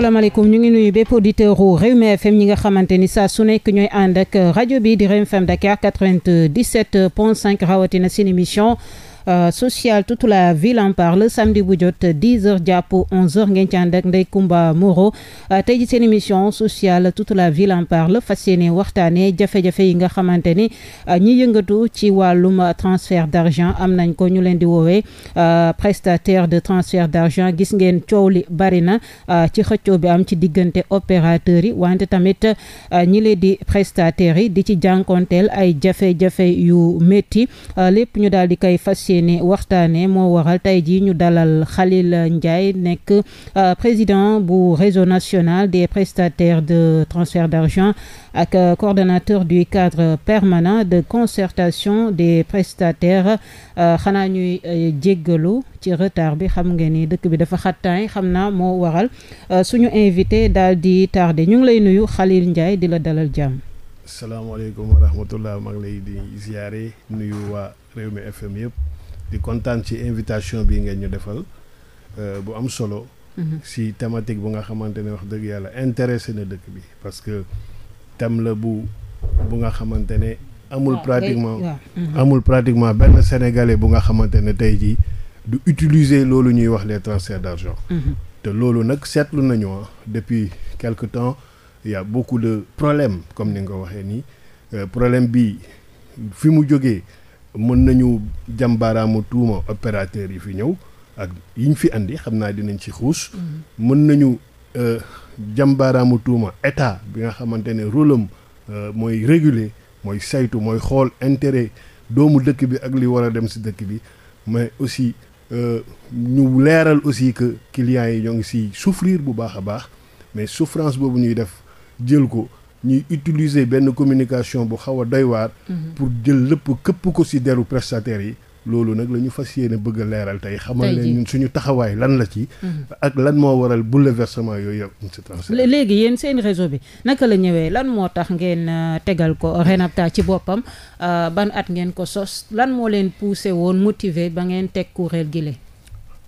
asalaamaaleykum ñu ngi nuyu bépp auditeur u Rewmi FM ñi nga xamante ni saa su nekk ñooy ànd ak rajo bi di Rewmi FM Dakar 97 point 5 rawatina seen émission Euh, sociale tout la ville en parle samedi bu jot 10 heures jàpp 11 heures ngeen ci ànd ak Ndeye Comba Moreau tey ji seen émission sociale tout la ville en parle fas yéene waxtaanee jafe-jafe yi nga xamante ni euh, ñu yëngatu ci wàllum transfert d'argent am nañ ko ñu leen di woowee euh, prestateur de transfert d'argent gis ngeen coow li bari na ci xëccoo bi am ci diggante opérateurs yi wante tamit ñi leen di prestataires yi di ci jànkonteel ay jafe-jafe yu métti lépp ñu daal yéene waxtaane moo waral tey ji ñu dalal Khalil Ndiaye nekk euh, président bu réseau national des prestataires de transfert d'argent ak euh, coordinateur du cadre permanent de concertation des prestataires euh, xanaa ñuy jéggalu ci retard bi xam nga ni dëkk bi dafa xattaay xam naa moo waral suñu invité daal di tardé ñu ngi lay nuyu Khalil Ndiaye di la dalal jàmm di kontaan ci invitation bi ngeen ñu defal euh, bu am solo. Mhm. si thématique bu nga xamante ne wax dëgg yàlla intéressé na dëkk bi parce que thème la bu bu nga xamante ne. amul ah, pratiquement mhm. amul pratiquement benn sénégalais bu nga xamante ne tey jii du utiliser loolu ñuy wax les transferts d'argent. Mhm. te loolu nag seetlu nañu ah, depuis quelque temps il y de problèmes comme ni nga ko waxee nii euh, problème bi fi mu jógee. mën nañu jambaaraamu tuuma opérateur yi fi ñëw ak yi fi andi xam naa dinañ ci xuus. Mm-hmm. mën nañu euh, jàmbaaraamu tuuma état bi nga xamante ne rôle am euh, mooy réguler mooy saytu mooy xool intérêt doomu dëkk bi ak li war a dem si dëkk bi mais aussi euh, ñu leeral aussi que clients yi ñoo ngi si souffrir bu baax a baax mais souffrance boobu ñuy def jël ko. ñuy utiliser benn communication bu xaw a doy waar. Mhm. pour jël lépp këpp ko ci deru prestataires yi. loolu nag la ñu fas yéene bëgg leeral tey xamal leen suñu taxawaay lan la ci mhm. ak lan moo waral bouleversement yooyu yëpp yooyu Transé léegi yéen seen réseau bi naka la ñëwee lan moo tax ngeen euh, tegal ko Renapta ci boppam euh, ban at ngeen ko sos lan moo leen poussé woon motiver ba ngeen teg kuréel gi le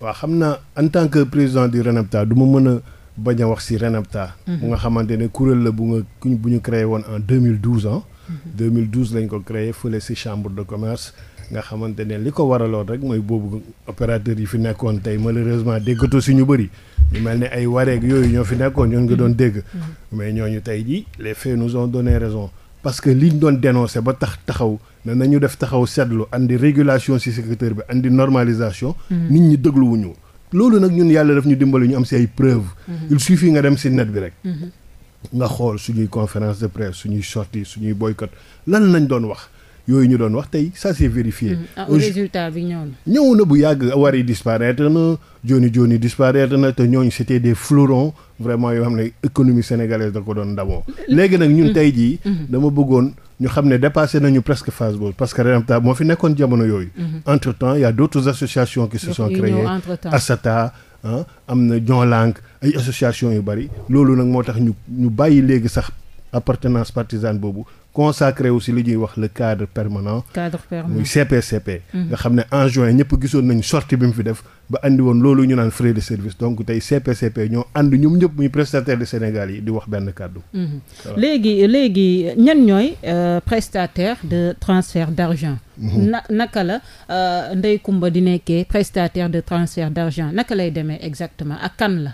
waaw xam na en tant que président du Renapta du ma mën a bañ a wax si RENAPTA bu mhm. nga xamante ne kuréel la bu nga bu ñu créé woon en mille 2012 ah 2012 lañ ko créé fële si chambre de commerce nga xamante ne li ko waraloon rek mooy boobu opérateur yi fi nekkoon tey malheureusement déggatu si ñu bëri ñu mel ne ay wareeg yooyu ñoo fi nekkoon ñoon nga doon dégg mhm. Mhm. mais ñooñu tey jii les faits nous ont donné raison parce que ñu doon dénoncé ba tax taxaw ne ñu def taxaw seetlu andi régulation si secteur bi andi normalisation nit ñi dégluwuñu loolu nag ñun yàlla def ñu dimbali ñu am si ay preuve mhm. il suffit nga dem si net bi rek. Mhm. nga xool suñuy conférence de presse suñuy sortie suñuy boycott lan lañ doon wax. yooyu ñu doon wax tey ça s'est vérifié. Mm. Ah, au résultat bi ñëw na. ñëw na bu yàgg war yi disparaître na joni joni disparaître na te ñooñu c'était des fleurons vraiment yoo xam ne économie sénégalaise da ko doon ndamoo. léegi nag ñun mm. tey jii. Mm-hmm. dama bëggoon ñu xam ne dépassé nañu presque phase boobu parce que RENAMTA moo fi nekkoon jamono yooyu. Mm-hmm. entre temps il y a d'autres associations qui se sont créées ASATA. am na Jolank ay association yu bari loolu nag moo tax ñu ñu bàyyi léegi sax appartenance partisane boobu consacré aussi li ñuy wax le cadre permanent. cadre permanent muy CPCP. Mhm. nga xam ne en juin ñëpp gisoon nañu sorti bi mu fi def ba andi woon loolu ñu naan frais de service donc tey CPCP ñoo ànd ñoom ñëpp muy prestataire de Sénégal yi di wax benn kàddu. Mhm. léegi léegi ñan ñooy euh, prestataire de transfert d' argent. Mhm. na naka la euh, Ndeye Comba di nekkee prestataire de transfert d' argent naka lay demee exactement ak kan la.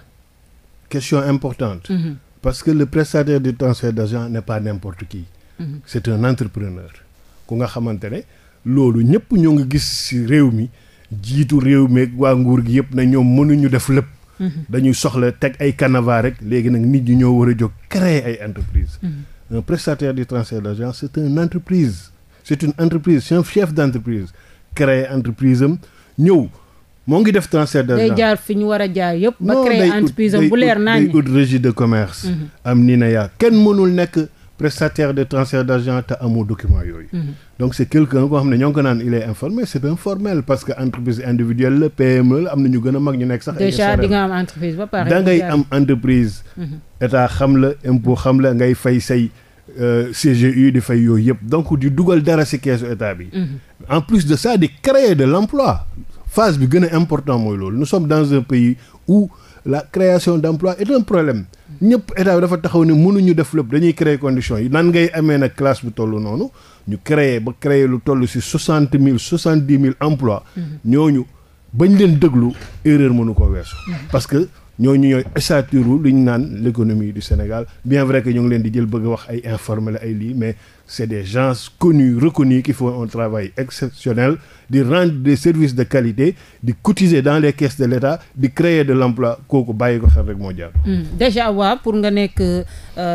question importante. parce que le prestataire de transfert d' argent n' est importe qui. Mhm. c'est un entrepreneur ku nga xamante ne loolu ñëpp ñoo ngi gis ci réew mi jiitu réew meeg waa nguur gi yëpp na ñoom mënuñu def lépp mhm. dañuy soxla teg ay canevas rek léegi nag nit ñu ñoo war a jóg créer ay entreprise mhm. un prestataire du transfert d'argent c'est une entreprise c'est une entreprise c'est un chef d'entreprise créer entreprise am ñëw moo ngi def transfert d'argent day jaar fi ñu war a jaar yëpp ba créer entreprise am bu leer naa day ut régie de commerce prestataire de transfert d' te amoo document yooyu. Mhm. donc c' est quelqu'un koo xam ne ñoo ngi naan il est informel informel parce que entreprise individuelle la PME la am na ñu gën a mag ñu nekk sax. déjà di nga am entreprise da ngay am entreprise. Mhm. état xam la impôt xam la ngay fay say. Euh, CGU di fay yooyu yëpp donc di dugal dara ci keesu état bi. Mhm. en plus de ça di créer de l'emploi phase bi gën a important mooy loolu nous sommes dans un pays où la création d'emploi est un problème ñëpp état bi dafa taxaw ne mënuñu def lépp dañuy créer conditions yi naan ngay amee na classe bu toll noonu ñu créer ba créer lu toll ci soixante mille soixante dix mille emplois mhm. ñooñu bañ leen déglu erreur mënu ko weesu mhm. parce que ñu ñooy estature lu ñu naan l' économie du Sénégal bien vrai que ñu ngi leen di jël bëgg a wax ay informel ay lii mais c'est des gens connus, reconnus, qui font un travail exceptionnel, de rendre des services de qualité, de cotiser dans les caisses de l'État, de créer de l'emploi kooku bàyyi ko sax rek moo jaar. Hmm. déjà waaw pour nga nekk euh,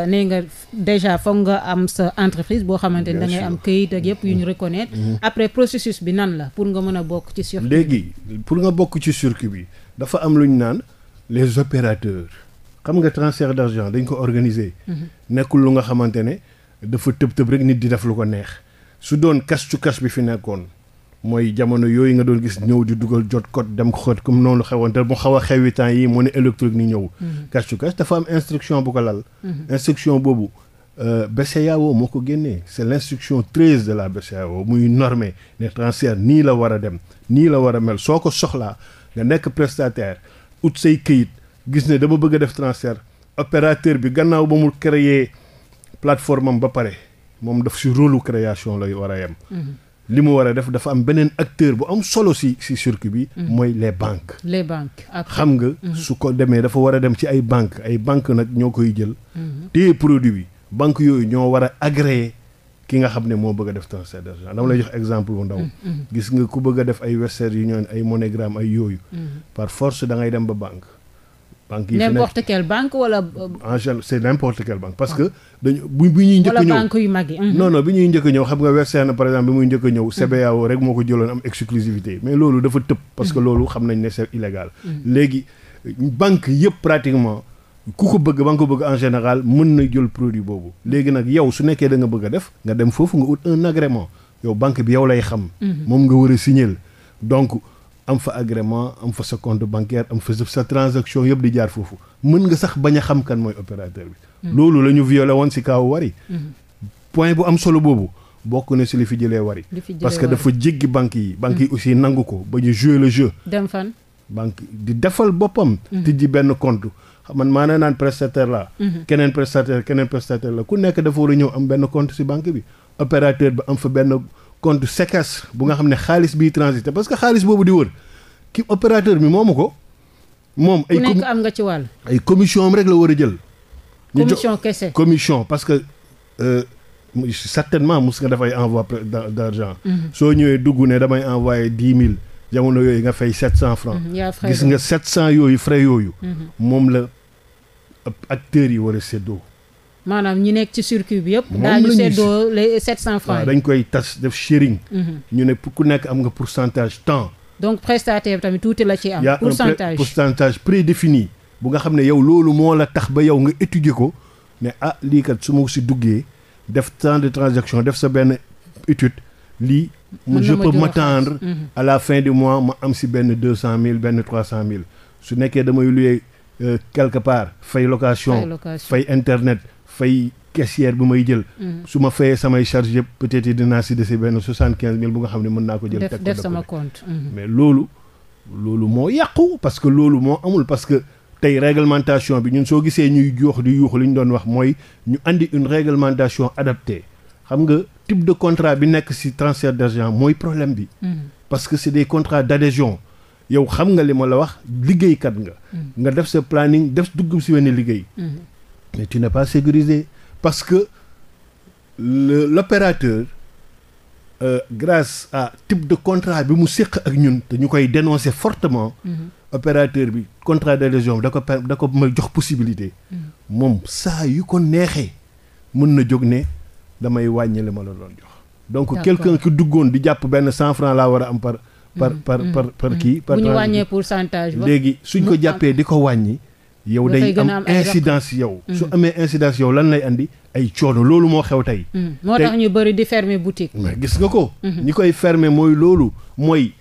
nee nga déjà foog nga am sa entreprise boo xamante ne da ngay am këyit ak yëpp yu ñu hmm. reconnaître. Hmm. après processus bi nan la pour nga mën a bokk ci circuit bi. pour nga bokk ci circuit bi dafa am lu ñu naan les opérateurs xam nga transfert d'argent dañ ko organiser. nekkul lu dafa tëb tëb rek nit di def lu ko neex su doon kas cu kas bi fi nekkoon mooy jamono yooyu nga doon gis ñëw di dugal jot code dem xët comme noonu xewoon te mu xaw a xewi temps yi mu ne électronique ni ñëw. Mm-hmm. kas dafa am instruction bu ko lal. Mm-hmm. instruction boobu. Euh, BCEAO moo ko génnee c'est l'instruction treize de la BCEAO muy normé ne transfert nii la war a dem nii la war a mel soo ko soxlaa nga nekk prestataire ut say këyit gis ne dama bëgg a def transfert bi gannaaw ba mu créer plateforme am ba pare moom daf si rôle création la war a yem. Mhm. li mu war a def dafa am beneen acteur bu am solo si si circuit bi. Mhm. mooy les banques. les banques xam nga. Mhm. su ko demee dafa war a dem ci ay banque ay banques nag ñoo koy jël. téye produit bi banques yooyu ñoo war a agréé ki nga xam ne moo bëgg a def transfert d'argent dama lay jox exemple bu ndaw. gis nga ku bëgg a def ay Western Union ay MoneyGram ay yooyu. par force da dem ba banque. banque yi n'importe quelle banque wala. Euh, en général c' est n' importe quelle banque parce que dañu bu bu ñuy njëkk mhm. ñëw xam nga Wersene par exemple bi muy njëkk a ñëw. Mhm. CBAO rek moo ko jëloon am exclusivité mais loolu dafa tëb. parce que mhm. loolu xam nañ ne c' illégal. léegi banque yëpp pratiquement. ku ko bëgg ba nga ko bëgg en général mën na jul produit boobu léegi nag yow su nekkee danga nga bëgg a def nga dem foofu nga ut un agrément yow banque bi yow lay xam moom nga a am fa agrément am fa sa compte transaction yëpp di jaar foofu mën nga sax bañ a xam kan mooy opérateur bi. Mm. loolu la ñu woon si kaaw Wari. Mm-hmm. point bu am solo boobu bokk na si li fi jëlee Wari. parce que dafa jéggi banques yi. banques yi mm. aussi nangu ko ba ñu jouer le jeu. dem fan. banque di defal boppam. Mm-hmm. tijji benn compte. man maanaa naan prestataire la mm-hmm. keneen prestataire keneen prestataire la ku nekk dafa war a ñëw am benn compte si banque bi. opérateur bi am fa benn. compte séquestre bu nga xam ne xaalis biy transité parce que xaalis boobu di wër ki opérateur bi moomu ko. moom ay nekk am nga ci wàll. ay commission am rek la war a jël. commission parce que euh, certainement mus nga dafay envoi d' argent. Mhm. soo ñëwee dugg ne damay envoyé dix mille jamono yooyu nga fay sept cent franc. Mhm, gis nga sept cent yooyu frais yooyu. Mhm. moom la acteurs yi war a séddoo. maanaam ñi nekk ci circuit bi yëpp. moom daañu seddoo les 700 francs waaw dañ koy tas def sharing. Mhm. ñu ne ku nekk am nga pourcentage temps. donc prestataire bi tamit tuuti la ci am. pourcentage pourcentage prédéfini bu nga xam ne yow loolu moo la tax ba yow nga étudier ko ne ah lii kat su ma si duggee def temps de transaction def sa benn étude lii. je ma tendre mhm. à la fin du mois ma am si benn deux cent mille benn trois cent mille su nekkee damay luye euh, quelque part fay location fay internet fay caissière bi may jël. Mm-hmm. su ma fayee samay charge yëpp peut-être dinaa si dese benn soixante quinze mille bu nga xam ne mën naa ko jël. teg def sama compte mm-hmm. mais loolu. loolu moo yàqu parce que loolu moo amul parce que tey réglementation bi ñun soo gisee ñuy joox di yuux li ñu doon wax mooy ñu indi une réglementation adaptée xam nga type de contrat bi nekk ci transfert d'argent mooy problème bi. Mm-hmm. parce que c'est des contrats d'adhésion yow xam nga li ma la wax liggéeykat nga. nga def sa planning def dugg ci wenn liggéey. mais tu n'es pas sécurisé parce que le l'opérateur euh, grâce à type de contrat bi mu séq ak ñun dañu koy dénoncer fortement mm -hmm. opérateur bi contrat d'adhésion da ko da ko ma jox possibilité mm-hmm. moom saa yu ko neexee mën na jóg ne damay wàññi li ma la doon jox donc quelqu'un ki duggoon di jàpp benn cent francs laa war a am par par mm-hmm. par par par mm-hmm. kii par bu ñu léegi suñ ko jàppee di ko wàññi yow day am incidence yow. Mm. su amee incidence yow lan lay indi ay coono loolu moo xew tey. Mm. moo tax ñu bëri di fermer boutique. gis nga ko. Mm-hmm. ñi koy ferme mooy loolu mooy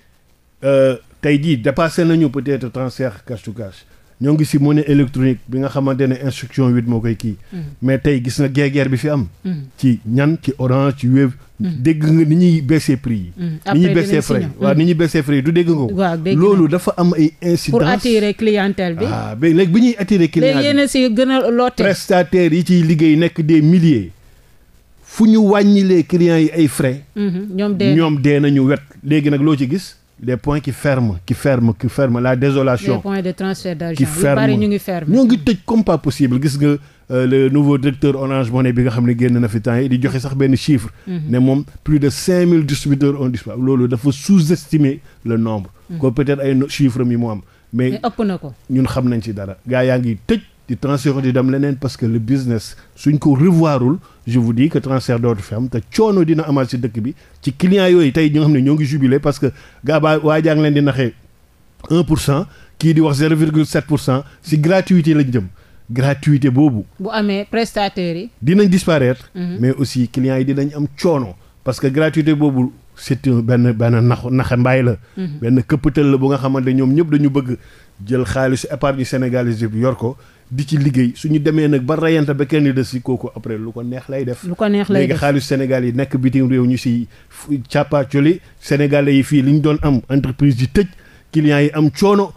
euh, tey jii dépassé nañu peut-être transfert cash to cash ñoo ngi si monnaie électronique bi nga xamante ne instruction huit moo koy kii. Mm. mais tey gis nga guerre bi fi am. Mm. ci ñan ci orange ci web. Mm. dégg nga ni ñuy baissé prix yi. ni ñuy baissé frais waaw ni ñuy baissé frais yi du dégg nga ko. loolu dafa am ay incidence pour attirer clientèle bi. Ah, léegi bi ñuy attire clientèle bi léegi yéen a si gën a yi ciy liggéey nekk des milliers. fu ñu wàññilee clients yi ay frais. Mm-hmm. ñoom ñoom dee nañu wet léegi nag loo ci gis. les points qui ferment qui ferment qui ferment la désolation. les points de transfert d'argent qui ferment ñu ngi ferme. ñoo ngi tëj comme pas possible gis nga euh, le nouveau directeur Orange Money bi nga xam ne génn na fi temps yi joxe sax benn chiffre. Mhm. ne moom plus de cinq mille distributeurs ont disparu loolu dafa sous-estimer le nombre. Mhm. ko peut ay chiffres mi mu am. mais ëpp na ko ñun xam nañ si dara. gaa yaa ngi tëj. di transfert di dem leneen parce que le business suñ ko revoirul je vous dis que transfert dootu fi am te coono dina amaat si dëkk bi ci client yooyu tey ñi xam ne ñoo ngi jubilé parce que gaa baa waa jàng leen di naxee 1 pour cent kii di wax 0,7 pour cent si gratuité lañ jëm gratuité boobu. bu amee prestataires yi. dinañ disparaître. Mhm. mais aussi clients yi dinañ am coono parce que gratuité boobu. c'est benn benn nax naxe mbaay la. Mhm. benn këppatal la bu nga xamante ñoom ñëpp dañu bëgg jël xaalisu épargne sénégalais bi yor ko di ci liggéey suñu demee nag ba rayante ba kenn des si kooku après lu ko neex lay def. lu ko neex lay def léegi xaalisu Sénégal yi nekk bitim réew ñu si càppaacoli sénégalais yi fii li ñu doon am entreprise yi tëj clients yi am coono.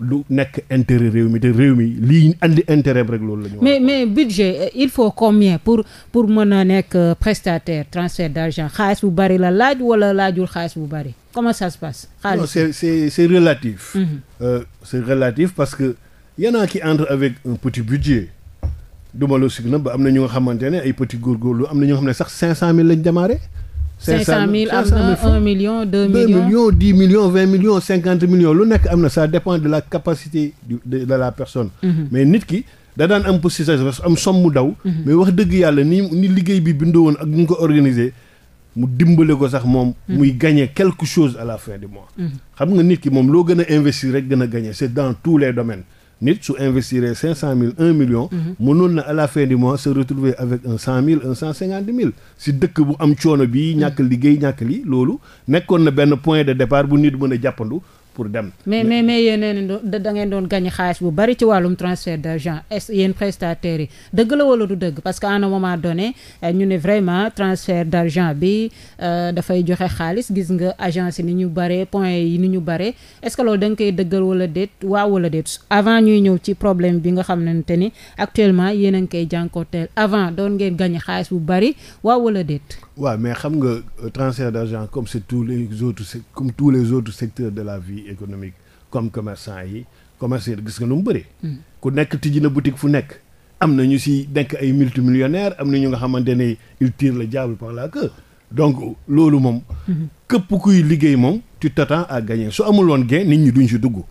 lu nekk intérêt réew mi te réew mi lii andi intérêt rek loolu la ñu. mais mais budget euh, il faut combien pour pour mën a nekk euh, prestataire transfert d' argent xaalis bu bari la laaj wala laajul xaalis bu bari comment ça se passe. xaalis non c' relatif. Mm relatif parce que y en a qui entrent avec un petit budget. duma lu sig na ba am na ñu nga xamante ne ay petit góorgóorlu am na ñu nga xam ne sax cinq cent 500000 lañ démarré. 500 000 am na 1 million 2 millions 2 millions 10 millions lu nekk am na sa dépend de la capacité de la personne. Mhm. mais nit ki da am am pour am somme mu daw. Mhm. mais wax dëgg yàlla ni ni liggéey bi bindoo woon ak ni ñu ko organiser. mu dimbale ko sax moom. Mhm. muy gagner quelque chose à la fin du mois. xam nga nit ki moom loo gën a investir rek gën a gagner c'est dans tous les domaines. nit su investir cinq cent mille un million mhm. mënoon na à se retrouver avec un cent mille un cent cinquante mille si dëkk bu am coono bi ñàkk liggéey ñàkk li loolu nekkoon na benn point de départ bu nit mën a jàppandu pour dem. mais mais mais yéen da ngeen doon gagné xaalis bu bari ci wàllum transfert d' argent est ce yéen yi dëgg la wala du dëgg parce que à un moment donné euh, ñu ne vraiment transfert d' argent bi euh, dafay joxe xaalis gis nga agence yi ni ñu bare points yi ni ñu bare est ce que da nga koy dëggal wala déet waaw wala déet avant ñuy ñëw ci problème bi nga xamante ni actuellement yéen a ngi koy jànkonteel avant doon ngeen gagné xaalis bu bari waaw wala déet. waaw mais xam nga euh, transfert d' argent comme c' est tous les autres comme tous les autres secteurs de la vie. vie économique comme commercant yi commerçant gis nga nu mu bëri. Hmm. ku nekk tijji na boutique fu nekk. am na ñu si nekk ay millionaire am na ñu nga xamante ne il tire le diable par la queue donc loolu moom. Hmm. képp kuy liggéey moom tu t'attends à gagner su amul woon gain nit ñi duñ si dugg.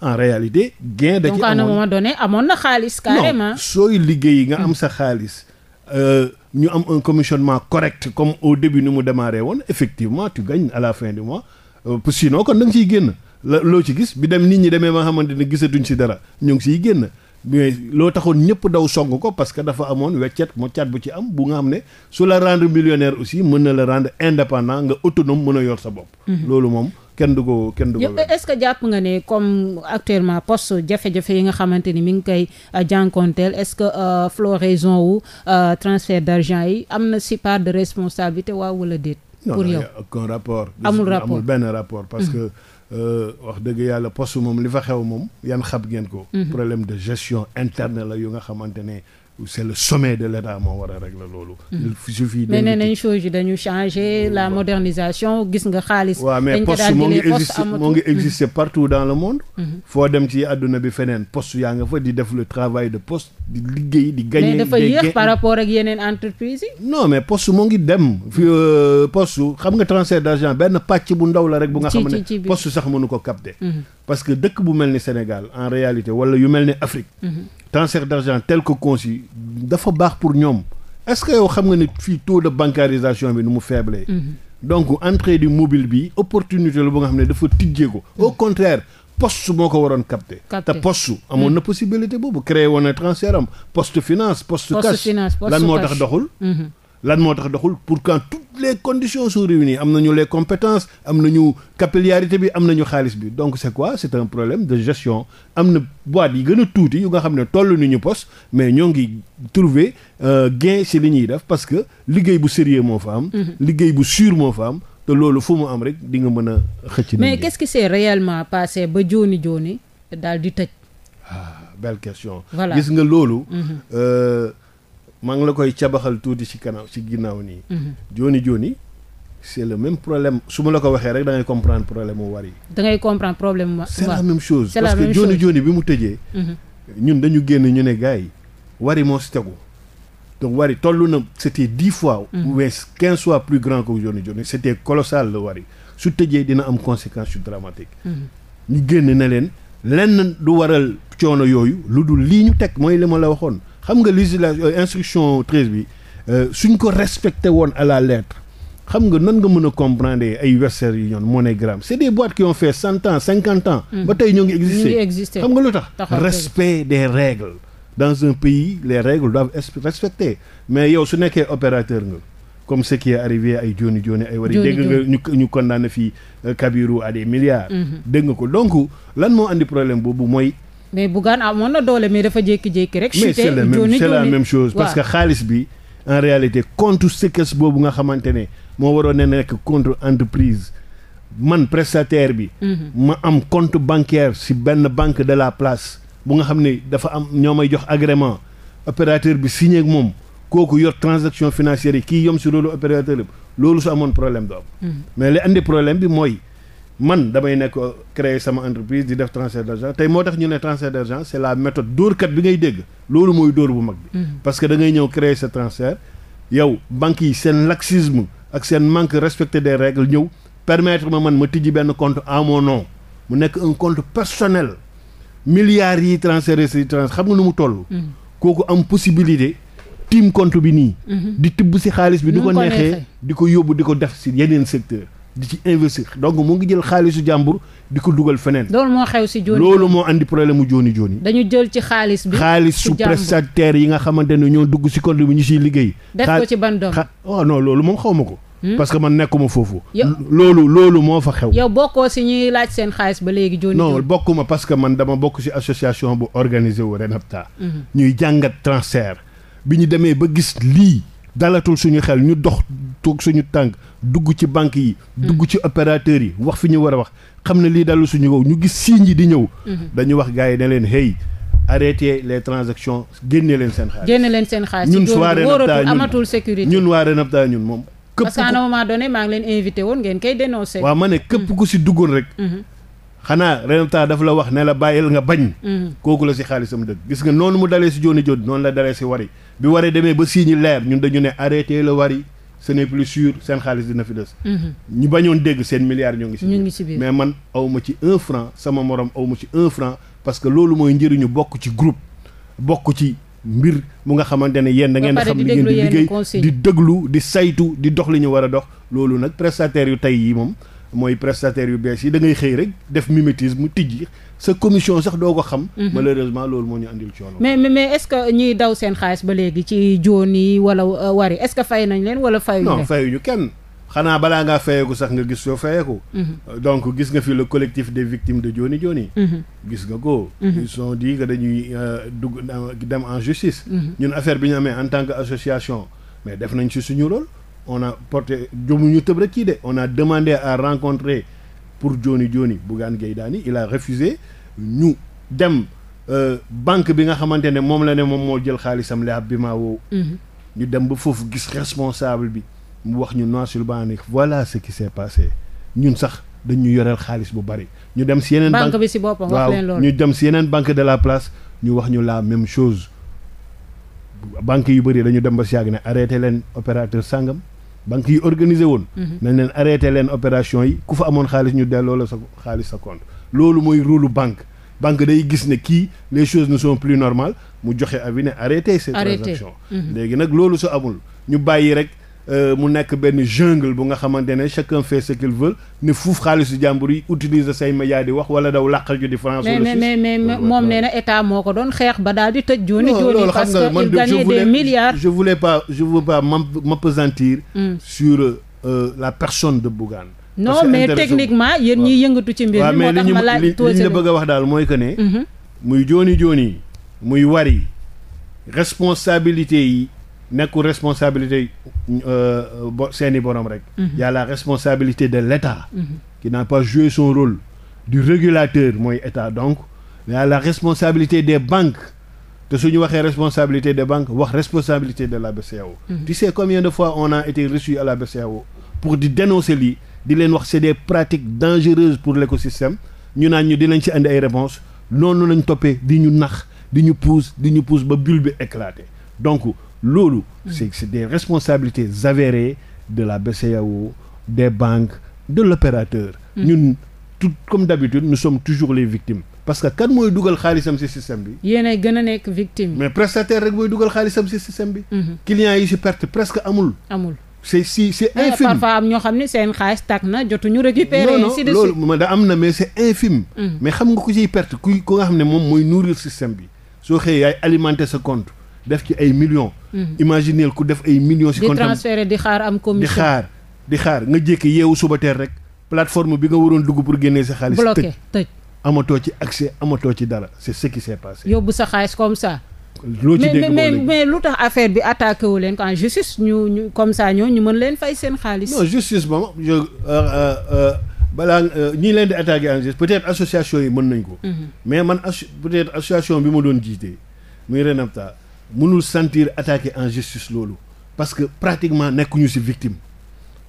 en réalité gain da ci amoon donc à un moment amoon na xaalis carrément. non sooy liggéey nga am hmm. sa xaalis. Euh, ñu am un commissionnement correct comme au début ni mu démarré woon effectivement tu gagnes à la fin du mois euh, sinon génn. la loo ci gis bi dem nit ñi demee ba nga xamante ne gisatuñ si dara ñu ngi siy génn mais loo taxoon ñëpp daw song ko parce que dafa amoon weccet mo cat bu ci am bu nga xam ne su rendre millionnaire aussi mën na la rendre indépendant nga autonome mën a yor sa bopp. Mhm. loolu moom. kenn du ko kenn du ko est que jàpp nga ne comme actuellement poste jafe-jafe yi nga xamante ni mi ngi koy euh, jànkonteel est que euh, floraison wu euh, transfert yi am na si part de responsabilité waaw wala déet. pour yow aucun rapport. amul rapport amul benn rapport parce mhm. que. Euh, wax dëgg yàlla poste moom li fa xew moom yan xab ngeen ko mhm. problème de gestion interne la yu nga xamante ne c' est le sommet de l' état war a régler loolu. Mm-hmm. il suffit de mais nee nañ choses dañu changé mm-hmm. la modernisation gis nga xaalis. waaw mais poste moo ngi existé moo ngi existé mm-hmm. partout dans le monde. foo dem ci àdduna bi feneen poste yaa nga fa di def le travail de poste di liggéey di. gagné mais dafa par rapport ak yeneen entreprise yi. non mais poste moo ngi dem fi euh, poste xam nga transfert d' argent benn pàcc bu ndaw la rek. bu nga xam ne poste sax mënu ko capter. parce que dëkk bu mel ni Sénégal en réalité yu mel ni transfert d'argent tel que conçu dafa baax pour ñoom est-ce que yow xam nga ni fii taux de bancarisation bi nu mu faible mhm. donc entrée du mobile bi opportunité la ba nga xam ne dafa tijjee ko mhm. au contraire poste moo ko waroon capté te poste amoon na mhm. possibilité boobu créé woon na transfert am poste finance poste cash lan moo tax doxul lan moo tax doxul pour quand toutes les conditions sont réunies am nañu les compétences am nañu capillarité bi am nañu xaalis bi donc c'est quoi c'est un problème de gestion am na boit yi gën a tuuti yu nga xam ne toll ni ñu pos mais ñoo ngi trouver euh, gain ci li ñuy def parce que liggéey bu sérieux moo fa am mhm. liggéey bu sûr moo fa am te loolu fu mu am rek di nga mën a xëcc mais qu'est-ce qui s'est réellement passé ba jooni jooni daal di tëj ah belle question nga loolu mhm. euh, maa ngi la koy cabaxal tuuti ci kanaaw ci ginnaaw nii. Mhm. jooni jooni c' est le même problème su ma la ko waxee rek da ngay comprendre problème mu war yi. da comprendre problème c' est la même chose parce que jooni jooni bi mu tëjee. Mhm. ñun dañu génn ñu ne gars yi wari moo si tegu donc wari toll na c' était dix fois. Mhm. ou bien quinze fois plus grand que jooni jooni c' était colossal la wari su tëjee dina am conséquence yu dramatique. ñu génn ne leen lenn du waral coono yooyu lu dul lii ñu teg mooy li ma la waxoon. xam nga législation euh, instruction treize bi euh, suñ ko respecté woon à la lettre xam nga nan nga mën a comprendre ay Western Union MoneyGram c' est des boîtes qui ont fait cent ans cinquante ans. Hmm. ba tey ñoo ngi exister xam nga lu tax. respect des règles. dans un pays les règles doivent être respectées mais yow su nekkee opérateur nga. comme ce qui est arrivé ay Joni Joni ay wari dégg nga ñu ñu condamné fii euh, Kabiru à des milliards. Hmm. dégg nga ko donc lan moo andi problème boobu mooy. mais Bougane amoon na doole mais dafa jékki-jékki rek. chuté c'est la même c'est la même chose. parce que xaalis bi en réalité compte séquence boobu nga xamante ne moo waroon ne nekk compte entreprise man prestataire bi. Mhm. ma am compte bancaire si benn banque de la place bu nga xam ne dafa am ñoo may jox agrément opérateur bi signé ak moom kooku yor transaction financière yi kii yom si loolu opérateur bi loolu su amoon problème do mhm. mais li andi problème bi mooy. man damay nekk créer sama entreprise di def transfert d'argent tey moo tax ñu ne transfert d'argent c'est la méthode dóorkat bi ngay dégg loolu mooy dóor bu mag bi mm-hmm. parce que da ngay ñëw créer sa transfert yow banques yi seen laxisme ak seen manque respecter des règles ñëw permettre ma man ma tijji benn compte à mon nom mu nekk un compte personnel milliards yi transféré si trans xam nga lu mu toll mm-hmm. kooku am possibilité tiim compte bi nii mm-hmm. di tibb si xaalis bi di ko neexee di ko yóbbu di ko def si yeneen secteur di ci investir donc mu ngi jël xaalisu jàmbur di ko dugal feneen. loolu moo xew si jooni loolu moo andi problème mu jooni jooni. dañu jël ci xaalis bi. xaalis su prestataire yi nga xamante ne ñoo dugg si compte bi ñu siy liggéey. def ko ci ban doom oh non loolu moom xaw ma ko. Hmm? parce que man nekkuma foofu. loolu loolu moo fa xew. yow bokkoo si ñuy laaj seen xaalis ba léegi. jooni non bokkuma parce man dama bokk si association bu organisé wu RENAPTA. Hmm. ñuy jàngat transfert bi ñu ba gis dalatul suñu xel ñu dox toog suñu tànk dugg ci banque yi dugg mm. ci opérateurs yi wax fi ñu war a wax xam ne lii dalul suñu kaw ñu gis signes yi di ñëw mm-hmm. dañu wax gars yi ne leen hey arrêtez les transactions génne leen seen xaalis génne leen seen xaalis ñun waa Renapta ñun amatul sécurité ñun waa Renapta ñun moom képp parce qu'à un moment donné maa ngi leen invité woon ngeen koy dénoncé waaw ma ne képp ku si duggoon rek mm-hmm. xanaa Renata daf la wax ne la bàyyil nga bañ. Mm. kooku la si xaalisam dëgg. gis nga noonu mu dalee si Joni Joni noonu la dalee si Wari bi Wari demee ba signes leer ñun dañu ne arrêté la Wari ce n'est plus sûr seen xaalis dina fi des. Mm-hmm. ñu bañoon dégg seen milliards ñoo ngi. ñu ngi si biir mais man aw ma ci un franc sama morom aw ci un franc parce que loolu mooy njëriñu bokk ci groupe bokk ci. mbir mu nga xamante ne yéen da ngeen xam li ngeen di liggéey di déglu di saytu di dox li ñu war a dox loolu nag prestataires yu tey yi moom mooy prestataire yu bees yi da ngay xëy rek def mimétisme tijji sa commission sax doo ko xam. Mhm. malheureusement loolu moo ñu andil coono. mais mais est-ce daw seen xaalis ba léegi ci joon yi wala euh, wari est-ce que fay nañ leen wala. fayuñu leen non fayuñu kenn. xanaa balaa ngaa fayeeku sax nga gis soo fayeeku mhm. euh, donc gis nga fi le collectif des victimes de Joni Joni mhm. gis nga ko ils sont dit que dañuy euh, dugg dem en justice ñun affaire bi ñu amee en tant que association mais def nañ ci suñu rôle on a porté ñu tëb rek kii de on a demandé à rencontrer pour Joni Joni Bougane Gueye Dany il a refusé ñu dem euh, banque bi nga xamante ne moom la ne moom moo jël xaalisam li ab bi maa mhm. woowu ñu dem ba foofu gis responsable bi mu wax ñu noir sur blanc voilà ce qui ñun sax dañu yoreel xaalis bu bari ñu dem si yeneen banque bi si boppam wax leen ñu dem si yeneen banque de la place ñu wax ñu la même chose banque yu bëri dañu dem ba si yàgg ne arrêté leen opérateur sàngam banques yi organisé woon. Mhm. nañ leen arrêté leen opération yi ku fa amoon xaalis ñu delloo la sa xaalis sa compte loolu mooy rôle banque banque day gis ne kii les choses ne sont plus normales mu joxe avis ne arrêté. ces transactions mhm. léegi nag loolu su amul ñu bàyyi rek. Euh, mu nekk benn jungle bu nga xamante ne chacun fait ce qu'il veut ne fuuf xaalisu jàmbur yi utiliser say média di wax wala daw làqal ju di France mais mais mais moom nee na état moo ko doon xeex ba daal di tëj jooni jooni parce que il gagnait des milliards je voulais pas je veux pas m'appesantir hmm. sur euh, la personne de Bougane non mais techniquement yéen ñiy yëngatu ci mbir mi moo tax ma laaj li ñu la bëgg wax daal mooy que ne mhm. muy jooni jooni muy wari responsabilité nekkul responsabilité euh, bo seeni borom rek. Mhm. y a la responsabilité de l' état. Mhm. qui n'a pas joué son rôle. du régulateur mooy état donc y la responsabilité des banques te su ñu waxee responsabilité des banque wax responsabilité de la BCEAO. Mhm. tu sais combien de fois on a été reçu à la BCEAO pour di dénoncer lii di leen wax c'est des pratiques dangereuses pour l' écosystème ñu naan ñu di leen ci andi ay réponses noonu lañ toppee di ñu nax di ñu pousse di ñu pousse ba bulle bi éclaté donc. loolu hmm. c'est c'est des responsabilités avérées de la BCEAO des banque de l'opérateur hmm. ñun tout comme d'habitude nous sommes toujours les victimes parce que kan mooy dugal xaalisam ci système bi. yéenay gën nekk victime. mais prestataire rek mooy dugal xaalisam ci système bi. Hmm. clients yi ci perte presque amul. amul c'est si c'est infime. am ñoo xam ne seen xaalis tàkk na jotuñu récupérer. non non loolu da am na mais c'est infime. mais xam nga ko ciy perte ku ku nga xam ne moom mooy nourrir système bi. soo xëyee yaay alimenter sa compte def ci ay millions Hmm. imagineel ku def ay millions. ci compte am di transféré di xaar am commission di xaar di xaar nga jékki yeewu suba teel rek plateforme bi nga waroon dugg pour génnee sa xaalis. bloqué tëj amatoo ci accès amatoo ci dara c'est ce qui s'est passé. yóbbu sa xaalis comme ça. loo ci dégg mais mais lu tax affaire bi attaqué wu leen en justice ñu ñu comme ça ñoo ñu mën leen fay seen xaalis. non justice moom je euh, euh, euh, balaa ñi leen di attaqué en justice peut-être association yi mën nañ ko. Mhm. mais man bi ma doon jiite mënul sentir attaqué en justice loolu parce que pratiquement nekkuñu ci victime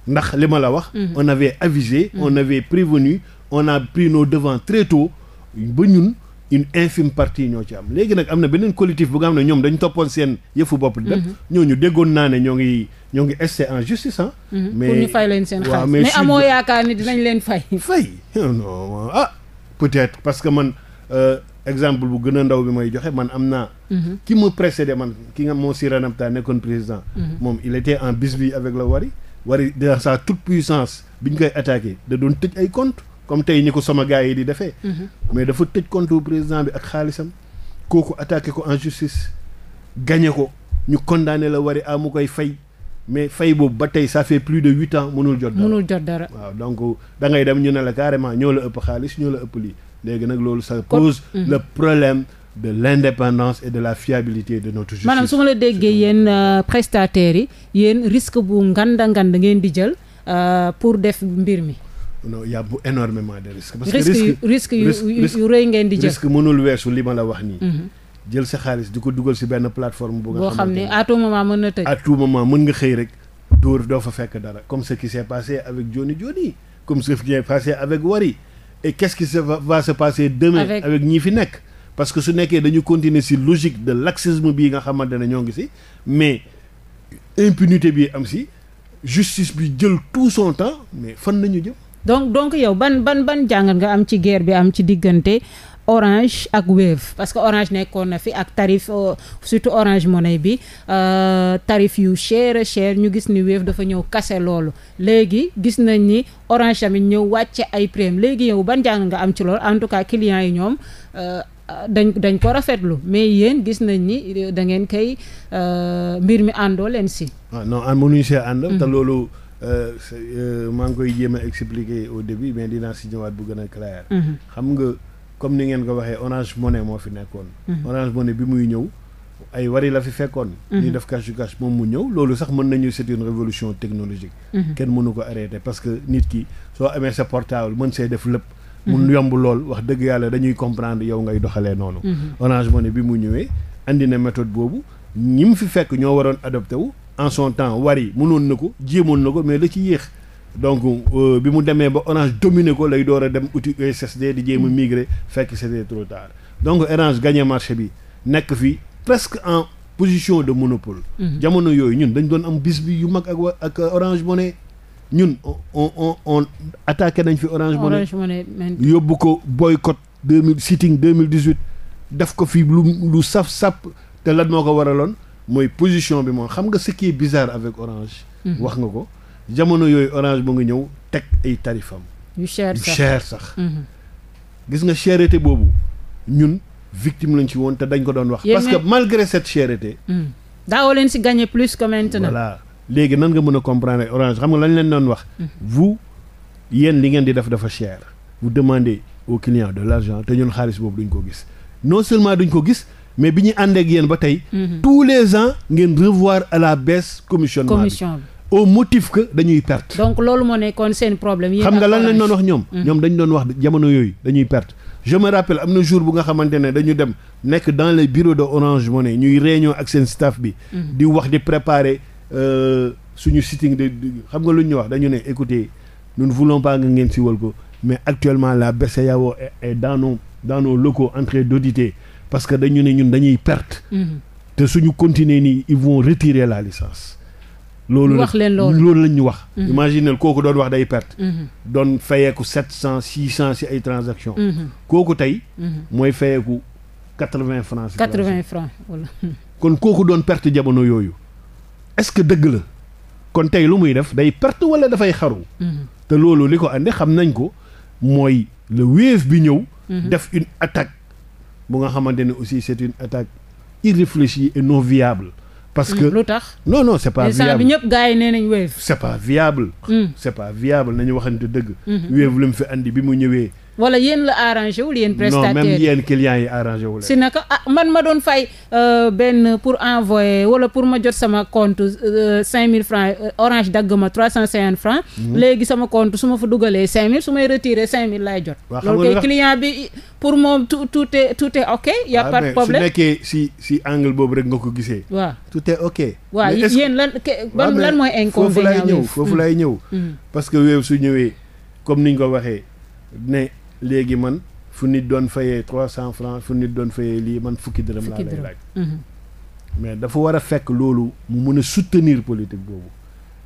ndax li ma la wax mhm. on avait avisé mhm. on avait prévenu on a pris nos devants très tôt ba ñun une infime partie ñoo ci am léegi nag am na beneen collectif bu am na ñoom dañu toppoon seen yëfu bopp di def mhm. ñooñu déggoon naa ne ñoo ngi ñoo ngi st en justice ah mais pour ñu fay leen seen xaalis mais amoo yaakaar ni dinañ leen fay fay non ah peut-être parce que man euh, exemple bu gën a ndaw bi may joxe man am naa. Mhm. ki mu précédé man ki nga moo Siré Napata nekkoon président. Mhm. moom il était en bisbille avec la Wari. Wari de sa toute puissance bi ñu koy attaqué da doon tëj ay compte comme tey ni ko sama gars yi di defee. Mhm. mais dafa tëj compte bu président bi ak xaalisam. kooku attaqué ko en justice. gagné ko ñu condamné la Wari a mu koy fay. mais fay boobu ba tey sa fait plus de huit ans mënul jot dara mënul jot dara waaw donc da dem ñu ne la carrément ñoo la ëpp xaalis ñoo la ëpp lii léegi nag loolu sa pose mm. le problème de l'indépendance et de la fiabilité de notre justice maanaam su ma la déggee yéen euh, prestataires yi yéen risque bu nganda nganda ngeen di jël euh, pour def mbir mi non a bu énormément de risques parce que risque yu rëy ngeen di jël risque mënul weesu li ma la wax nii mhm. jël sa xaalis di ko dugal ci benn plateforme bu xam ne à tout moment mën na tëj à tout moment mën nga xëy rek dóor doo fa fekk dara comme ce qui s'est passé avec Johnny Johnny comme ce qui s'est passé avec et qu'est-ce qui va, va se passer demain avec ñi fi nekk parce que su nekkee dañu continuer ci logique de laxisme bi nga xamante ne ñoo ngi ci mais impunité bii am si justice bi jël tout son temps mais fan nañu jëm donc donc yow ban ban ban jàngat nga am ci guerre bi am ci diggante Orange ak Wave parce que Orange nekkoon na fi ak tarif euh, surtout Orange Money bi euh, tarif yu cher cher ñu gis ni Wave dafa ñëw kase loolu léegi gis nañ ni Orange tamit ñëw wàcce ay prime léegi yow ban jàng nga am ci loolu en tout cas clients yi ñoom euh, dañ dañ ko rafetlu mais yéen gis nañ ni da ngeen koy mbir mi àndoo leen si. waaw ah, non mënuñu see ànd. Mhm. te loolu maa ngi koy jéem a expliquer au début mais dinaa si ñëwaat bu gën a clair. Mhm. xam nga. comme ni ngeen ko waxee Orange Money moo fi nekkoon. Mhm. Orange Money bi muy ñëw ay wari la fi fekkoon. Mhm. ñuy def cash to moom mu ñëw loolu sax mën nañu c'est une révolution technologique. Mhm. kenn mënu ko arrêter parce que nit ki soo amee sa portable mën see def lépp. mun yomb lool wax dëgg yàlla dañuy comprendre yow ngay doxalee noonu. Orange Money bi mu ñëwee andi na méthode boobu ñi mu fi fekk ñoo waroon adopté wu en son temps wari mënoon na ko jéemoon na ko mais la ci yéex. donc euh, bi mu demee ba Orange dominé ko lay door a dem outil USSD e di jéem a mm. migré fekk c'était trop tard donc Orange gagné marché bi nekk fi presque en position de monopole. Mm-hmm. jamono yooyu ñun dañ doon am bis bi yu mag ak wa ak Orange Money ñun on on on nañ fi Orange Money. Orange Money yóbbu ko boycott deux mille sitting deux mille dix huit def ko fi lu lu saf sap te lan moo ko waraloon mooy position bi moom xam nga ce qui est bizarre avec Orange. Mm-hmm. wax nga ko. jamono yooyu orange mu ngi ñëw teg ay tarifam yu cher sax yu cher sax. Mhm. gis nga cherté boobu ñun victime lañ ci woon te dañ ko doon wax. parce que malgré cette cherté. Mhm. daawoo leen si gagné plus que maintenant. voilà léegi nan nga mën a comprendre orange xam nga lañ leen doon wax. Mhm. vous yéen li ngeen di def defa cher. vous demandez aux clients de l'argent te ñun xaalis boobu duñ ko gis non seulement duñ ko gis. mais bi ñu ànd ak ba tey. tous les ans ngeen revoir la baisse commissionnement au motif que dañuy perte. donc loolu moo nekkoon seen problème. xam nga lan lañ doon wax ñoom. Mm-hmm. ñoom dañ doon wax jamono yooyu dañuy perte. je me rappelle am na jour bu nga xamante ne dañu dem nekk dans les bureaux de Orange Money ñuy réunion ak seen staff bi. Mm-hmm. di wax di su euh, suñu sitting de xam nga lu ñu wax dañu ne écoutez nous ne voulons nga ngeen si ko mais actuellement la BCEAO est dans nos dans nos locaux en train d'auditer parce que dañu ne ñun dañuy perte. Mm-hmm. te suñu continuer nii ils vont la licence. loolu wax leen loolu loolu ñu wax mhm. imaginel kooku doon wax day perte mhm. doon fayeeku sept cent six cent si ay transaction mhm. kooku tey mooy fayeeku quatre vingt francs quatre vingt francs kon kooku doon perte jamono yooyu est-ce que dëgg la kon tey lu muy def day perte wala dafay xaru te loolu li ko andi xam nañ ko mooy le wave bi ñëw def une attaque bu nga xamante ne aussi c'est une attaque irréfléchie et non viable parce que lu tax non non c'est pas viable bi ñëpp gars yi nee nañ Wave c'est pas viable mm. c'est pas nañu waxante dëgg mm-hmm. Wave lu mu fi andi bi mu ñëwee wala yéen la arrangé wul yéen prestataire non même yéen yi arrangé wul si naka ah man ma doon fay euh, benn pour envoyer wala pour ma jot sama compte euh, cinq mille francs euh, orange dagg ma trois cent cinquante francs mhm. léegi sama compte su ma fa dugalee cinq mille su may retiré cinq mille laay jot loolu kay client bi pour moom tout tout est tout est ok y a ah, pas su nekkee si angle boobu rek nga ko gisee waa tout est ok waaw yéen lan ban lan mooy inconvénient foofu lay ñëw hmm. Hmm. parce que su ñëwee comme niñ ko waxee léegi man fu nit doon fayee trois cent francs fu nit doon fayee lii man fukki dërëm laa lay laaj mhm. mais dafa war a fekk loolu mu mun a soutenir politique boobu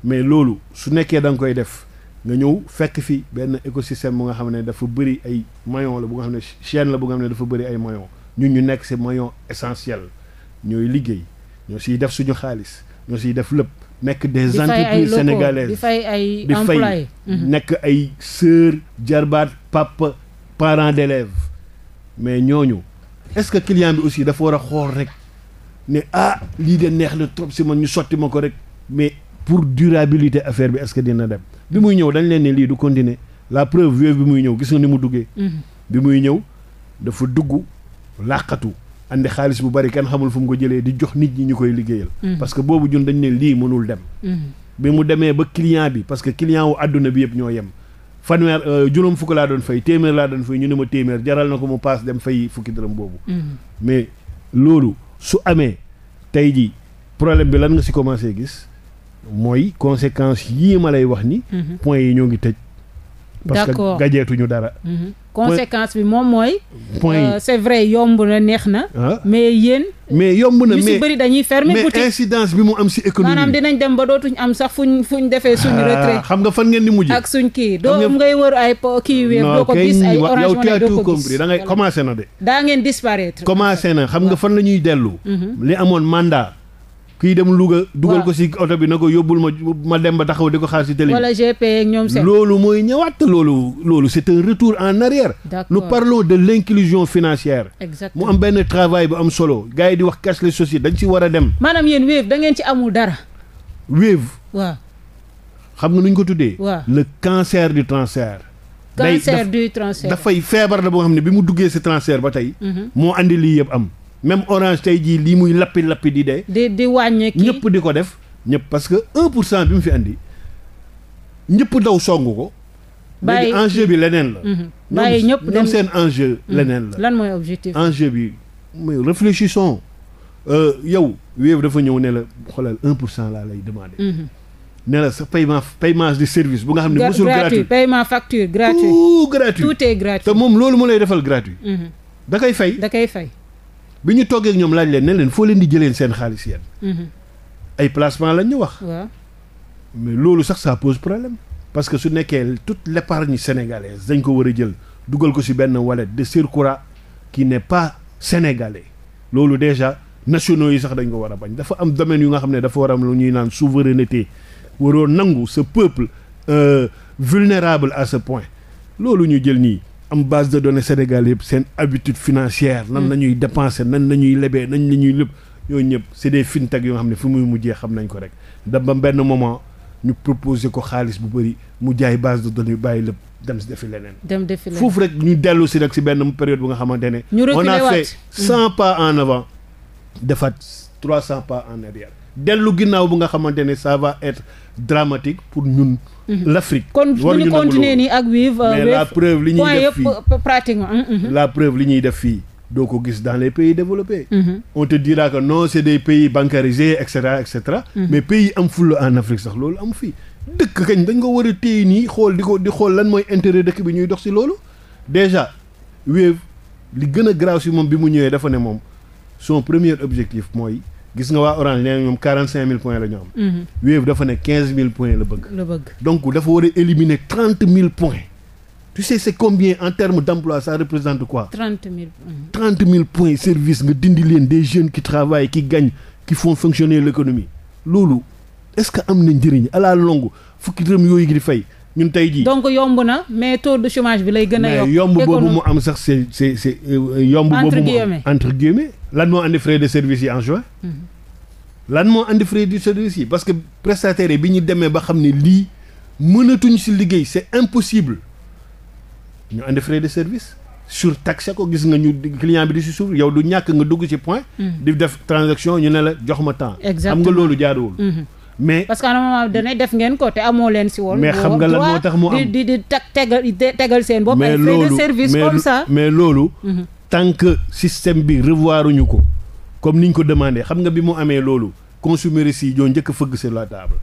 mais loolu su nekkee da nga koy def nga ñëw fekk fi benn écosistème bu nga xam ne dafa bëri ay maillon la bu nga xam ne chaîne la bu nga xam ne dafa bëri ay maillon ñu ñu nekk si maillon essentiel ñooy liggéey ñoo siy def suñu xaalis ñoo siy def lépp nekk des entreprises sénégalaises di fay ay employés mhm. nekk ay sœur jarbaat papa parents d'élèves mais ñooñu est-ce que client bi aussi dafa war a xool rek ne ah lii de neex na trop si man ñu sotti ma ko rek mais pour durabilité affaire bi est-ce que dina dem bi muy ñëw dañ leen ne lii du continuer la preuve yooyu bi muy ñëw gis nga ni mu duggee mm-hmm. bi muy ñëw dafa dugg làqatu andi xaalis bu bari kenn xamul fu mu ko jëlee di jox nit ñi ñu koy liggéeyal mm-hmm. parce que boobu ñun dañ ne lii mënul dem mm-hmm. bi mu demee ba client bi parce que client wu àdduna bi yëpp ñoo yem fanweer euh, juróom fukk laa doon fay téeméer laa doon fay ñu ne ma téeméer jaral na ko mu paas dem fay fukki dërëm boobu. Mm-hmm. mais loolu su amee tey ji problème bi lan nga si commencé gis mooy conséquences yi ma lay wax ni. Mm-hmm. points yi ñoo ngi tëj. parce que gajeetuñu dara mhm. conséquence bi moom mooy point yi euh, vrai yomb na neex na ah. mais yéen mais yomb na mais bëri dañuy fermer boutique mais incidence bi mu am si économie maanaam dinañ dem ba dootuñ am sax fuñ fuñ defee suñ ah, retrait xam nga fan ngeen di mujj ak suñ kii doo ngay wër ay kii wéer doo ko gis ay orange doo ko gis yow tu as tout da ngay commencé na de daa ngeen disparaître commencé na xam nga fan la ñuy dellu mhm. li amoon mandat kiy dem Louga. dugal ko si oto bi na ko yóbbul ma ma dem ba taxaw di ko xaar si télé. wala GP ñoom loolu mooy ñëwaat loolu loolu c'est un retour en arrière. nous parlons de l'inclusion financière. exactement mu am benn travail bu am solo gars yi di wax cashless société dañ si war a dem. maanaam yéen Wave da ngeen ci amul dara. Wave. waaw. xam nga nu ko tuddee. waaw le cancer du transfert. cancer du transfert dafay feebar la boo xam ne bi mu duggee si transfert ba tey. Mhm. moo andi lii yëpp am. même orange tey jii lii muy lappi lappi di dee. di di wàññeeku ñëpp di ko def. ñëpp parce que 1 pour cent bi mu fi andi ñëpp daw songu ko. bàyyi enjeu bi leneen la. Mhm. bàyyi ñëpp dem seen enjeu. Mhm. leneen la lan mooy objectif enjeu bi mais réfléchissons euh, yow Wave dafa ñëw ne la xoolal 1 cent laa lay demandé. Mhm. ne la sa paiement paiement de service bu nga xam ne. mosul gratuit paiement facture gratuit. tout gratuit tout te moom loolu mu lay defal gratuit. da kay fay da koy fay. bi ñu toogee ñoom laaj leen ne leen foo leen di jëleen seen xaalis yéen. Mhm. ay placement lañ ñu wax. mais loolu sax ça pose problème. parce que su nekkee toute l' épargne sénégalaise dañ ko war a jël dugal ko ci benn wallet de Circura qui n' est pas sénégalais loolu déjà nationaux yi sax dañ ko war a bañ dafa am domaine yu nga xam ne dafa war a am lu ñuy naan souveraineté waroo nangu ce peuple euh, vulnérable à ce point loolu ñu jël nii. am base de données Sénégal yëpp seen habitude financière nan mm. la ñuy dépenser nan la ñuy lebee nañ la ñuy lépp yooyu ñëpp c'est des fintech yoo xam ne fi muy mujjee xam nañ ko rek da ba benn moment ñu proposer ko xaalis bu bëri mu jaay base de données bàyyi lépp dem si defi leneen. dem defi leneen foofu rek ñu dellusi si rek si benn période bu nga xamante ne. on a fait cent pas en avant defaat trois cent pas en arrière. dellu ginnaaw bu nga xamante ne ça va être dramatique pour ñun. Mhm. l'Afrique. kon bu ñu continuer nii ak Wave. Euh, mais la preuve li ñuy def fii euh, li ñuy def fii doo ko gis dans les pays développés. Mhm. on te dira que non c'est des pays bancarisés et cetera et cetera. Mhm. mais pays am fulla en Afrique sax loolu am fii. dëkk kañ dañ ko war a téye nii xool di ko di xool lan mooy intérêt dëkk bi ñuy dox ci loolu déjà Wave li gën a grave ci moom bi mu ñëwee dafa ne moom son premier objectif mooy. gis nga waa Orange nee na ñoom quarante cinq mille points la ñu am. Mhm. Wave dafa ne quinze mille points la bëgg. la bëgg donc dafa war a éliminer trente mille points. tu sais c'est combien en termes d'emploi ça représente quoi. points. Mhm. points service nga dindi leen des jeunes qui travaillent qui gagnent qui font fonctionner l'économie loolu est-ce que am na njëriñ à la longue fukki dërëm yooyu di fay ñun tey jii. donc yomb na mais taux de chômage bi lay. gën a yokk yomb boobu mu am sax c'est c'est c'est euh, yomb boobu mu am entre guillemets lan moo andi frais de service yi en mhm. lan moo andi frais de service yi parce que prestataires yi bi ñu demee ba xam ne lii mënatuñ si liggéey c'est impossible ñu andi frais de service. sur surtaxé ko gis nga ñu client bi di si suuf yow du ñàkk nga dugg ci point. Mhm. di def transaction ñu ne la jox ma temps. exactement xam nga loolu jaaduwul. Mhm. mais parce que à un moment def ngeen ko te amoo leen si woon. mais xam nga lan moo tax mu am di di tegal tegal seen bopp. ay frais de service comme sax mais loolu mhm. tant que système bi revoir ñu ko comme niñ ko demandé xam nga bi mu amee loolu consommateurs yi ñoo njëkk a fëgg sur la table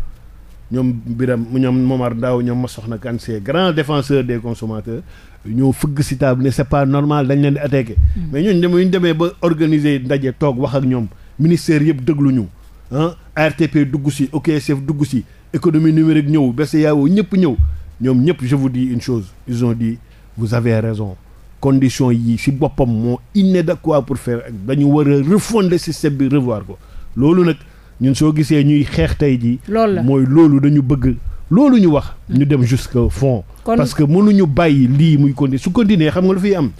ñoom Biram ñoom Momar Ndao ñoom ma soxna kan c'est grand défenseur des consommateurs ñoo fëgg si table ne c'est pas normal dañ leen di attaqué mhm. mais ñooñu dem ñu demee ba organiser ndaje toog wax ak ñoom ministère yëpp dégluñu ah ARTP dugg si se dugg si économie numérique ñëw BCEAO ñëpp ñëw ñoom ñëpp je vous dis une chose ils ont dit vous avez raison condition yi si boppam moo inadéquat pour faire ak dañu war a refonder système bi revoir ko loolu nag ñun soo gisee ñuy xeex tey jii mooy loolu dañu bëgg loolu ñu wax mm. ñu dem jusqu'au fond parce que mënuñu bàyyi lii muy continuer su continuer xam nga lu fiy am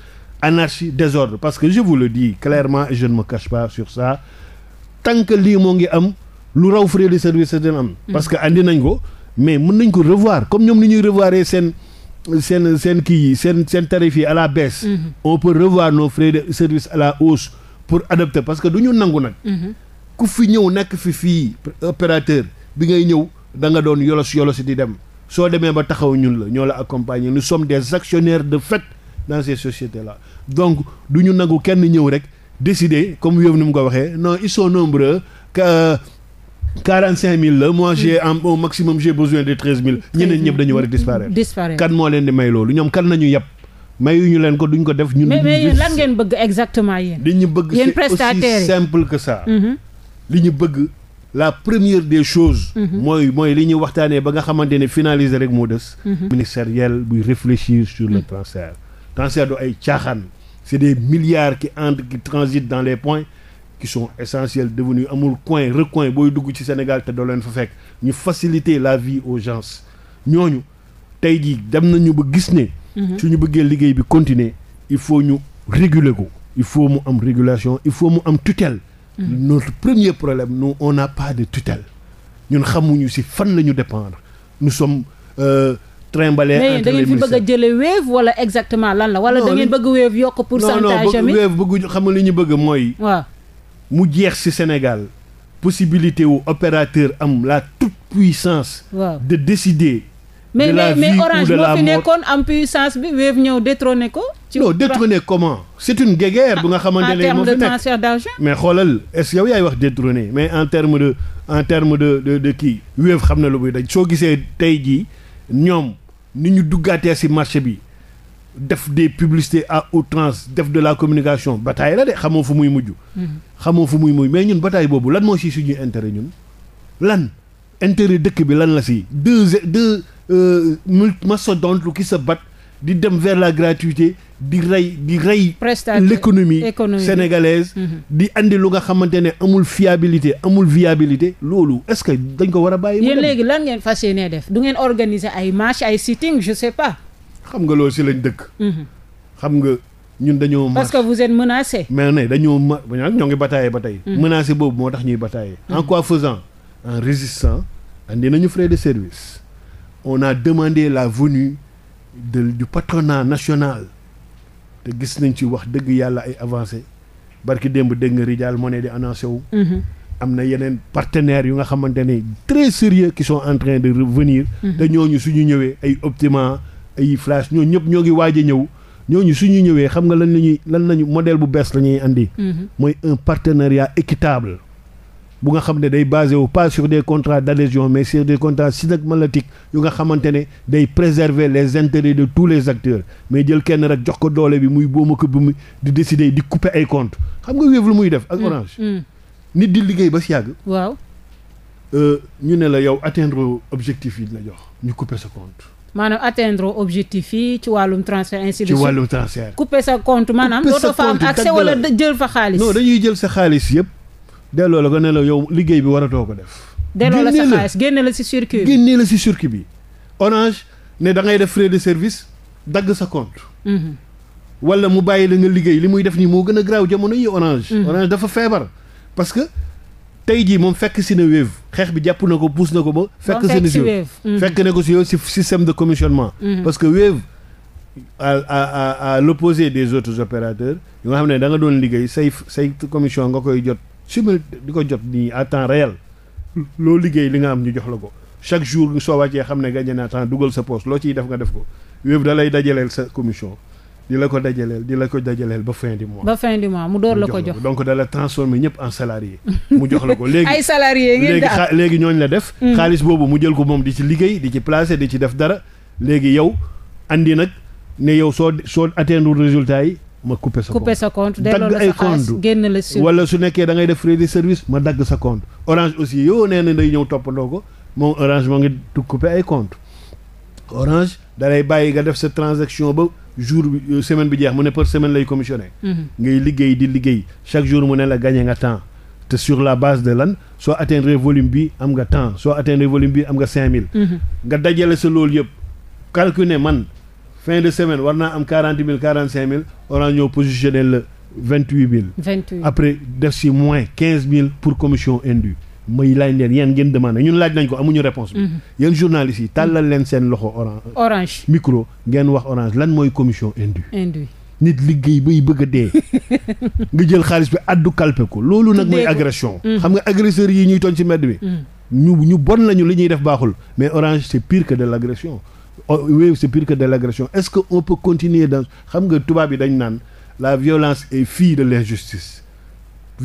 anarchie désordre parce que je vous le dis clairement et je ne me cache ça tant que lii moo ngi am lu raw frais de service dina am. Mm. parce que indi nañ ko mais mën nañ ko revoir comme ñoom ni ñuy revoir seen seen seen kii yi seen seen tarif yi à la baisse. Mm-hmm. on peut revoir nos frais de service à la hausse pour adapter parce que du ñu nangu nag. Mm-hmm. ku fi ñëw nekk fi fii opérateur bi ngay ñëw da nga doon yolos yolos di dem soo demee ba taxaw ñun la ñoo la accompagner nous sommes des actionnaires de fait dans ces sociétés la donc du ñu nangu kenn ñëw rek. décidé comme yow ni mu ko waxee non ils sont nombreux que euh, quarante cinq mille la moi j'ai am hmm. au maximum j'ai besoin de treize mille ñeneen ñëpp dañu war a disparaître kan moo leen di may loolu ñoom kan nañu yàpp mayuñu leen ko duñ ko def ñun mais yéen lan ngeen bëgg exactement ñu bëgg c'est aussi simple que mm-hmm. li ñu bëgg la première des choses mm-hmm. mooy mooy li ñuy waxtaanee ba nga xamante ne finaliser rek moo des mm-hmm. ministériel buy réfléchir sur le transfert transfert du ay caaxaan c'est des milliards qui entrent qui transitent dans les points qui sont essentiels devenus amul coin recoin booy dugg ci Sénégal te doo leen fa fekk ñu faciliter la vie aux gens ñooñu tey jii dem nañu ba gis ne mhm. ñu bëggee liggéey bi continuer il faut ñu réguler ko il faut mu am régulation il faut mu am tutelle mmh. notre premier problème nous on n'a pas de tutelle ñun xamuñu si fan la ñu dépendre nous sommes euh, trimbalé. entre les mais da fi bëgg a jëlee Wave wala exactement lan la. wala da bëgg Wave yokk pourcentage am non non Wave bëgg xam nga li ñu bëgg mooy. waaw mu jeex ci Sénégal possibilité wu opérateur am la toute puissance. de décider. Mais, la mais, vie mais orange moo fi nekkoon am puissance bi Wave ñëw détrôné ko. ci non détrôné comment. c'est une guéguerre bu nga ah, xamante ne moo fi nekk mais xoolal est-ce yow yaay wax détrôné mais en terme de en terme de de de kii Wave xam na lu muy daj soo gisee tey jii ñoom. ni ñu duggaatee ci marché bi def des publicités à outrance def de la communication bataille la de xamoo fu muy mujj. Mm-hmm. xamoo fu muy mujj mais ñun bataille boobu lan moo ci suñu intérêt ñun lan intérêt dëkk bi lan la si ci deux deux euh, mastodontes qui se battent di dem vers la gratuité di rey di rey l'économie sénégalaise mhm. di andi lu nga xamante ne amul fiabilité amul viabilité loolu est-ce que dañ ko war a bàyyi yéen léegi lan ngeen fas yéenee def du ngeen organiser ay marche ay sitting nga si lañ dëkk mhm. xam nga ñun dañoo parce que vous êtes menacé mais ne dañoo ma ñoo ngi bataillé ba tey mhm. menacé boobu moo tax ñuy bataillé en quoi en résistant andi nañu frais de service on a demandé la venue de du patronat national te gis nañ ci wax dëgg yàlla ay avancé barki démb dégg nga Rijal moo ne di annoncé wu. Mm-hmm. am na yeneen partenaires yu nga xamante ne très sérieux qui sont en train de revenir mm-hmm. te ñooñu suñu ñëwee ay Optima ay Flash ñoo ñëpp ñoo ngi waaj a ñëw ñooñu ñu ñëwee xam nga lan la ñuy lan nañu modèle bu bees la ñuy andi. Mm-hmm. mooy un partenariat équitable. bu nga xam ne day basé wu pas sur des contrats d'adhésion mais sur des contrats synagmatiques yu nga xamante ne day préserver les intérêts de tous les acteurs mais jël kenn rek jox ko doole bi muy booma ko bu mu di décider di couper ay comptes xam nga Wave lu muy def ak mm, Orange mm. nit di liggéey ba si yàgg waaw euh, ñu ne la yow atteindre objectif yi la jox ñu couper sa compte maanaam atteindre objectif yi ci wàllum transfert ainsi de suite ci wàllum transfert couper sa compte maanaam dootoo fa am jël fa xaalis non dañuy jël sa xaalis yëpp delloo la ko ne yow liggéey bi waratoo ko def. delloo la sa la si circuit bi la si circuit bi. orange ne da ngay def frais de service dagg sa compte. Mhm. wala mu bàyyi la nga liggéey li muy def nii moo gën a graaw jamono yi orange. Mhm. orange dafa feebar parce que. tey jii moom fekk si ne Wave xeex bi jàpp na ko puus na ko ba. fekk si ne si mhm. fekk na ko si yow si système de commissionnement. parce que Wave à à à à l'opposé des autres opérateurs. yoo xam ne da nga doon liggéey say say commission nga koy jot. simili di ko jot nii à temps réel loo liggéey li nga am ñu jox la ko chaque jour soo wàccee xam ne gagné naa temps dugal sa poste loo ciy def nga def ko wéb da dajaleel sa commission di la ko dajaleel di la ko dajaleel ba fin du mois. ba mu door la ko jox donc da la transformer ñëpp en salarié. mu jox la ko léegi ay salarié ngeen léegi xa léegi la def. Mm. xaalis boobu mu jël ko moom di ci liggéey di ci placer di ci def dara léegi yow indi nag ne yow soo soo atteindre résultat yi ma couper sa compte couper sa compte delloo la sa su nekkee da ngay def crédit service ma dagg sa compte orange aussi yow nee na day ñëw toppandoo ko moom orange moo ngi du couper ay da bàyyi nga def sa transaction ba jour bi euh, semaine bi jeex mu ne par semaine lay commissionné. Mm-hmm. ngay liggéey di liggéey chaque jour mu ne la gagné nga te sur la base de lan soo atteindre volume bi am nga temps soo atteindre volume bi am nga cinq mille. Mm-hmm. nga dajale sa loolu yëpp calculer man. fin de semaine war naa am quarante mille quarante cinq mille orange ñoo positionné le vingt huit mille. vingt huit après def si moins quinze mille pour commission indue. mooy laaj leen yéen ngeen demandé ñun laaj nañ ko amuñu réponse bi. Mhm. yéen journalistes yi tàllal leen seen loxo orange. orange micro ngeen wax orange lan mooy commission indue. indue. nit liggéey bay bëgg a dee nga jël xaalis bi addu kalpe ko loolu nag mooy agression mhm. xam nga agresseurs yi ñuy tooñ ci mbedd bi mhm. ñu ñu bon lañu ñuy def baaxul mais orange c'est pire Oh, oui c'est pire que de l'agression est-ce que on peut continuer dans xam nga tubaab yi dañ naan la violence est fille de l'injustice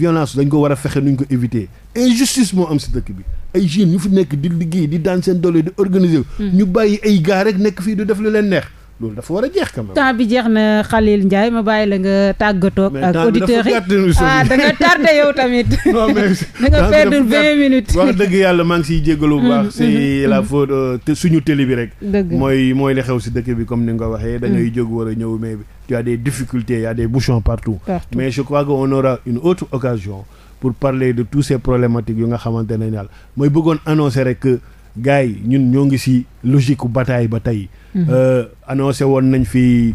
violence dañ ko war a fexe nuñ ko éviter injustice moo am si dëkk bi ay jeunes ñu fi nekk di liggéey di daan seen doole di organiser hmm. ñu bàyyi ay gars rek nekk fii du def lu leen neex loolu dafa war a jeex quand même. temps bi jeex na Khalil Ndiaye ma bàyyi la nga tàggatoo. ak auditeurs yi ah da nga tardé yow tamit. non nga perdre vingt minutes. wax dëgg yàlla maa ngi siy jégalu bu baax. Mm-hmm, si mm-hmm, la mm-hmm. faute euh, suñu télé bi rek. mooy mooy li xew si dëkk bi comme ni nga ko waxee. da ngay mm. jóg war a ñëw mais y a des difficultés y a des bouchons partout. mais je crois que on aura une autre occasion pour parler de tous ces problématiques yu nga xamante ne daal mooy bëggoon annoncer rek gars yi ñun ñoo ngi si logique u bataille ba tey mhm. euh, annoncé woon nañ fi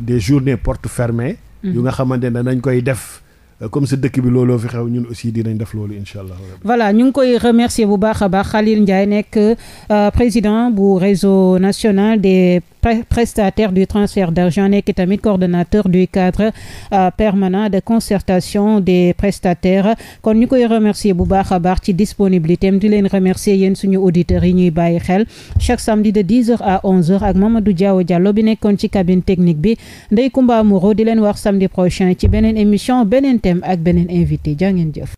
des journées porte fermées mhm. yu nga xamante ne danañ koy def euh, comme sa dëkk bi looloo fi xew ñun aussi dinañ def loolu incha allah. voilà ñu ngi koy remercier bu baax a baax Khalil Ndiaye nekk euh, président bu réseau national des prestataire du transfert d'argent nekk tamit coordonnateur du cadre euh, permanent de concertation des prestataires kon ñu koy remercier bu baax a baax ci disponibilité am di leen remercier yéen suñu auditeurs yi ñuy bàyyi xel chaque samedi de 10 heures à 11 heures ak Mamadou Diaw Diallo bi nekkoon ci cabine technique bi Ndeye Comba Moreau di leen wax samedi prochain ci beneen émission beneen thème ak beneen invité jaa ngeen jëf.